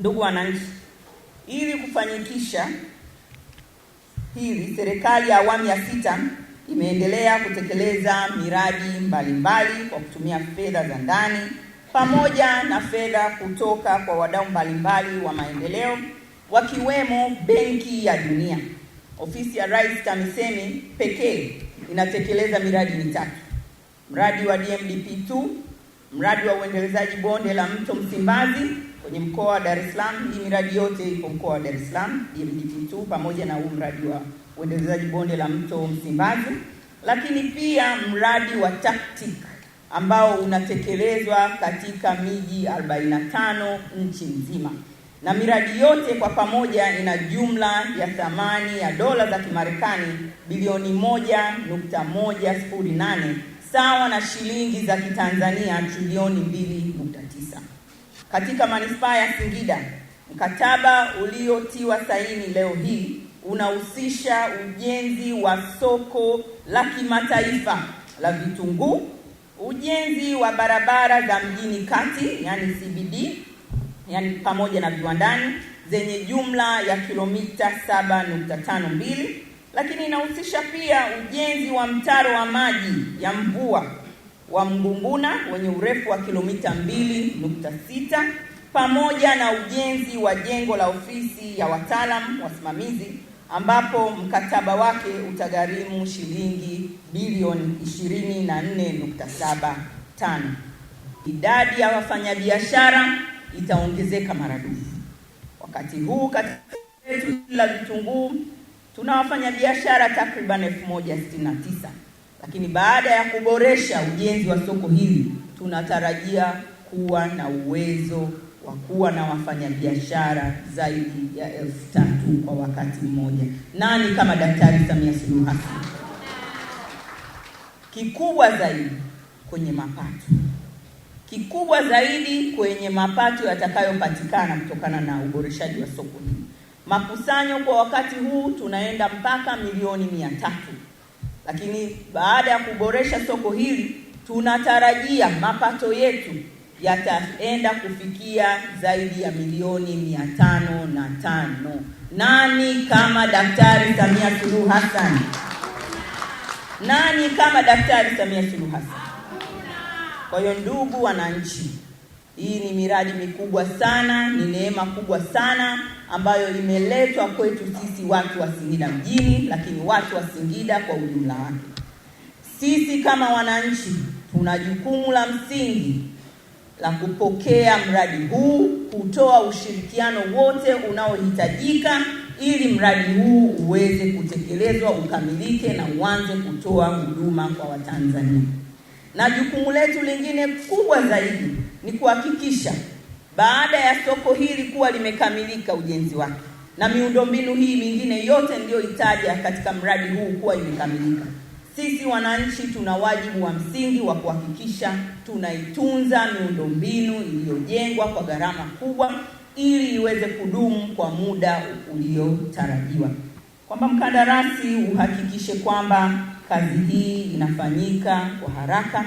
Ndugu wananchi, ili kufanikisha hili, serikali ya awamu ya sita imeendelea kutekeleza miradi mbalimbali kwa kutumia fedha za ndani pamoja na fedha kutoka kwa wadau mbalimbali wa maendeleo wakiwemo Benki ya Dunia. Ofisi ya Rais TAMISEMI pekee inatekeleza miradi mitatu: mradi wa DMDP2, mradi wa uendelezaji bonde la mto Msimbazi Kwenye mkoa wa Dar es Salaam, hii miradi yote ipo mkoa wa Dar es Salaam, DMDT 2 pamoja na huu mradi wa uendelezaji bonde la mto Msimbazi, lakini pia mradi wa TACTIC ambao unatekelezwa katika miji 45 nchi nzima, na miradi yote kwa pamoja ina jumla ya thamani ya dola za Kimarekani bilioni 1.108 sawa na shilingi za Kitanzania trilioni 2 katika manispaa ya Singida. Mkataba uliotiwa saini leo hii unahusisha ujenzi wa soko la kimataifa la vitunguu, ujenzi wa barabara za mjini kati, yani CBD, yani pamoja na viwandani zenye jumla ya kilomita 7.52, lakini inahusisha pia ujenzi wa mtaro wa maji ya mvua wa Mgunguna wenye urefu wa kilomita 2.6 pamoja na ujenzi wa jengo la ofisi ya wataalam wasimamizi ambapo mkataba wake utagharimu shilingi bilioni 24.75. Idadi ya wafanyabiashara itaongezeka maradufu. Wakati huu katika la vitunguu tuna wafanyabiashara takriban 1069 lakini baada ya kuboresha ujenzi wa soko hili tunatarajia kuwa na uwezo wa kuwa na wafanyabiashara zaidi ya elfu tatu kwa wakati mmoja. Nani kama Daktari Samia Suluhu Hassan? Kikubwa zaidi kwenye mapato, kikubwa zaidi kwenye mapato yatakayopatikana kutokana na uboreshaji wa soko hili. Makusanyo kwa wakati huu tunaenda mpaka milioni mia tatu. Lakini baada ya kuboresha soko hili, tunatarajia mapato yetu yataenda kufikia zaidi ya milioni mia tano na tano. Nani kama Daktari Samia Suluhu Hassan? Nani kama Daktari Samia Suluhu Hassan? Kwa hiyo ndugu wananchi hii ni miradi mikubwa sana, ni neema kubwa sana ambayo imeletwa kwetu sisi watu wa Singida mjini, lakini watu wa Singida kwa ujumla wake. Sisi kama wananchi tuna jukumu la msingi la kupokea mradi huu, kutoa ushirikiano wote unaohitajika ili mradi huu uweze kutekelezwa, ukamilike na uanze kutoa huduma kwa Watanzania. Na jukumu letu lingine kubwa zaidi ni kuhakikisha baada ya soko hili kuwa limekamilika ujenzi wake na miundombinu hii mingine yote niliyoitaja katika mradi huu kuwa imekamilika, sisi wananchi tuna wajibu wa msingi wa kuhakikisha tunaitunza miundombinu iliyojengwa kwa gharama kubwa ili iweze kudumu kwa muda uliotarajiwa, kwamba mkandarasi uhakikishe kwamba kazi hii inafanyika kwa haraka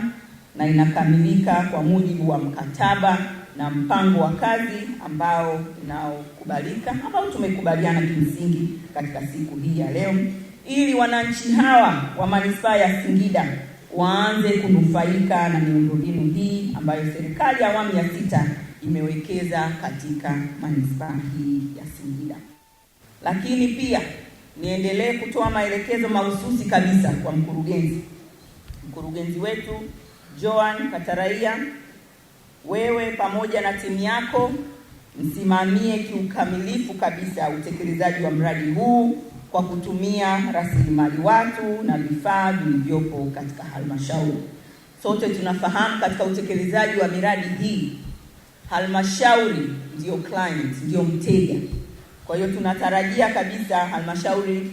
na inakamilika kwa mujibu wa mkataba na mpango wa kazi ambao unaokubalika ambao tumekubaliana kimsingi katika siku hii ya leo, ili wananchi hawa wa manispaa ya Singida waanze kunufaika na miundombinu hii ambayo serikali ya awamu ya sita imewekeza katika manispaa hii ya Singida. Lakini pia niendelee kutoa maelekezo mahususi kabisa kwa mkurugenzi mkurugenzi wetu Joan Kataraia, wewe pamoja na timu yako msimamie kiukamilifu kabisa utekelezaji wa mradi huu kwa kutumia rasilimali watu na vifaa vilivyopo katika halmashauri. Sote tunafahamu katika utekelezaji wa miradi hii halmashauri ndiyo client, ndiyo mteja. Kwa hiyo tunatarajia kabisa halmashauri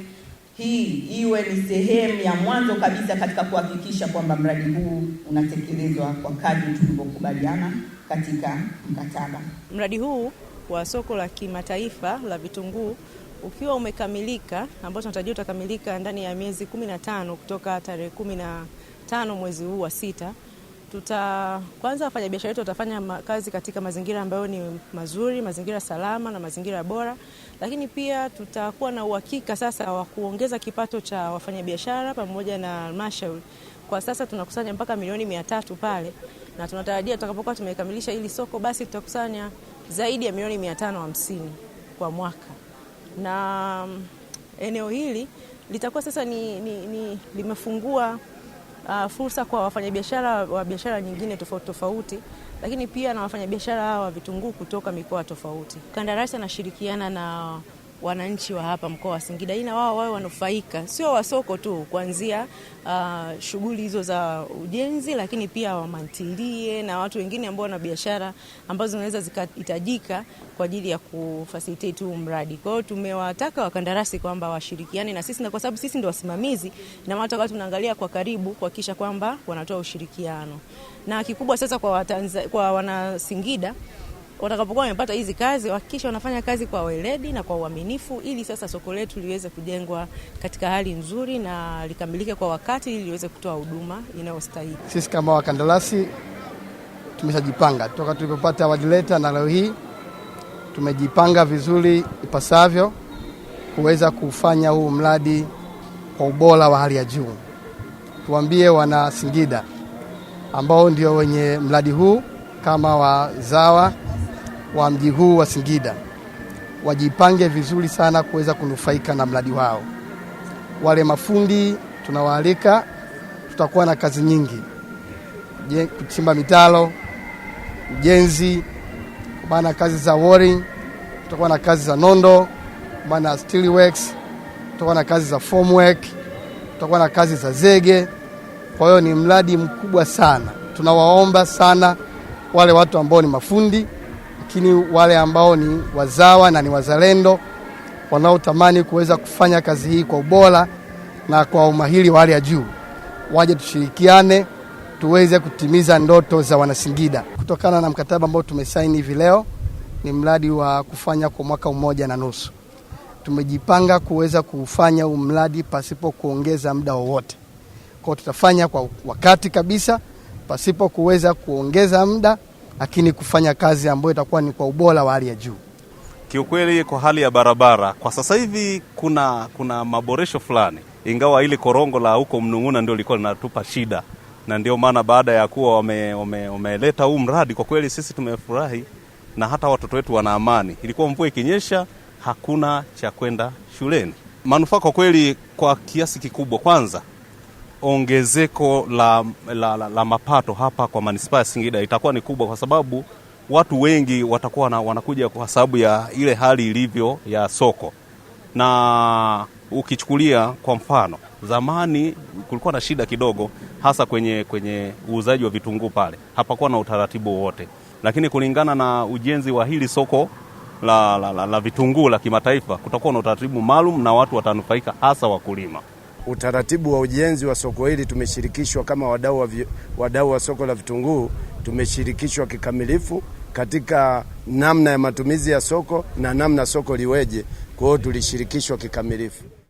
hii iwe ni sehemu ya mwanzo kabisa katika kuhakikisha kwamba mradi huu unatekelezwa kwa kadri tulivyokubaliana katika mkataba. Mradi huu wa soko la kimataifa la vitunguu ukiwa umekamilika, ambao tunatarajia utakamilika ndani ya miezi 15 kutoka tarehe 15 mwezi huu wa sita tuta kwanza, wafanyabiashara wetu watafanya kazi katika mazingira ambayo ni mazuri, mazingira salama na mazingira bora, lakini pia tutakuwa na uhakika sasa wa kuongeza kipato cha wafanyabiashara pamoja na halmashauri. Kwa sasa tunakusanya mpaka milioni mia tatu pale na tunatarajia tutakapokuwa tumekamilisha hili soko, basi tutakusanya zaidi ya milioni mia tano hamsini kwa mwaka, na mm, eneo hili litakuwa sasa ni, ni, ni limefungua uh, fursa kwa wafanyabiashara wa biashara nyingine tofauti tofauti, lakini pia na wafanyabiashara wa vitunguu kutoka mikoa tofauti. Kandarasi anashirikiana na wananchi wa hapa mkoa wa Singida ina wao wao wanufaika, sio wasoko tu, kuanzia uh, shughuli hizo za ujenzi, lakini pia wamantilie na watu wengine ambao wana biashara ambazo zinaweza zikahitajika kwa ajili ya kufacilitate huu mradi. Kwa hiyo tumewataka wakandarasi kwamba washirikiane na sisi, na kwa sababu sisi ndio wasimamizi na watu wakati tunaangalia kwa karibu kuhakikisha kwamba wanatoa ushirikiano, na kikubwa sasa kwa, kwa wana Singida watakapokuwa wamepata hizi kazi hakikisha wanafanya kazi kwa weledi na kwa uaminifu, ili sasa soko letu liweze kujengwa katika hali nzuri na likamilike kwa wakati, ili liweze kutoa huduma inayostahili. Sisi kama wakandarasi tumeshajipanga toka tulipopata award letter, na leo hii tumejipanga vizuri ipasavyo kuweza kufanya huu mradi kwa ubora wa hali ya juu. Tuambie wana Singida ambao ndio wenye mradi huu kama wazawa wa mji huu wa Singida wajipange vizuri sana kuweza kunufaika na mradi wao. Wale mafundi tunawaalika, tutakuwa na kazi nyingi, kuchimba mitalo, ujenzi, maana kazi za wori, tutakuwa na kazi za nondo, maana steel works, tutakuwa na kazi za formwork, tutakuwa na kazi za zege. Kwa hiyo ni mradi mkubwa sana, tunawaomba sana wale watu ambao ni mafundi lakini wale ambao ni wazawa na ni wazalendo wanaotamani kuweza kufanya kazi hii kwa ubora na kwa umahiri wa hali ya juu waje tushirikiane tuweze kutimiza ndoto za Wanasingida. Kutokana na mkataba ambao tumesaini hivi leo, ni mradi wa kufanya kwa mwaka mmoja na nusu. Tumejipanga kuweza kufanya huu mradi pasipo kuongeza muda wowote, kwao tutafanya kwa wakati kabisa pasipo kuweza kuongeza muda lakini kufanya kazi ambayo itakuwa ni kwa ubora wa hali ya juu. Kiukweli kwa hali ya barabara kwa sasa hivi kuna, kuna maboresho fulani, ingawa ili korongo la huko Mnung'una ndio lilikuwa linatupa shida, na ndio maana baada ya kuwa wameleta huu mradi, kwa kweli sisi tumefurahi na hata watoto wetu wana amani. Ilikuwa mvua ikinyesha, hakuna cha kwenda shuleni. Manufaa kwa kweli kwa kiasi kikubwa. Kwanza ongezeko la, la, la, la mapato hapa kwa manispaa ya Singida itakuwa ni kubwa, kwa sababu watu wengi watakuwa na, wanakuja kwa sababu ya ile hali ilivyo ya soko, na ukichukulia kwa mfano, zamani kulikuwa na shida kidogo, hasa kwenye kwenye uuzaji wa vitunguu pale, hapakuwa na utaratibu wote, lakini kulingana na ujenzi wa hili soko la, la, la, la vitunguu la kimataifa kutakuwa na utaratibu maalum na watu watanufaika, hasa wakulima utaratibu wa ujenzi wa soko hili tumeshirikishwa kama wadau wa, wadau wa soko la vitunguu tumeshirikishwa kikamilifu katika namna ya matumizi ya soko na namna soko liweje. Kwa hiyo tulishirikishwa kikamilifu.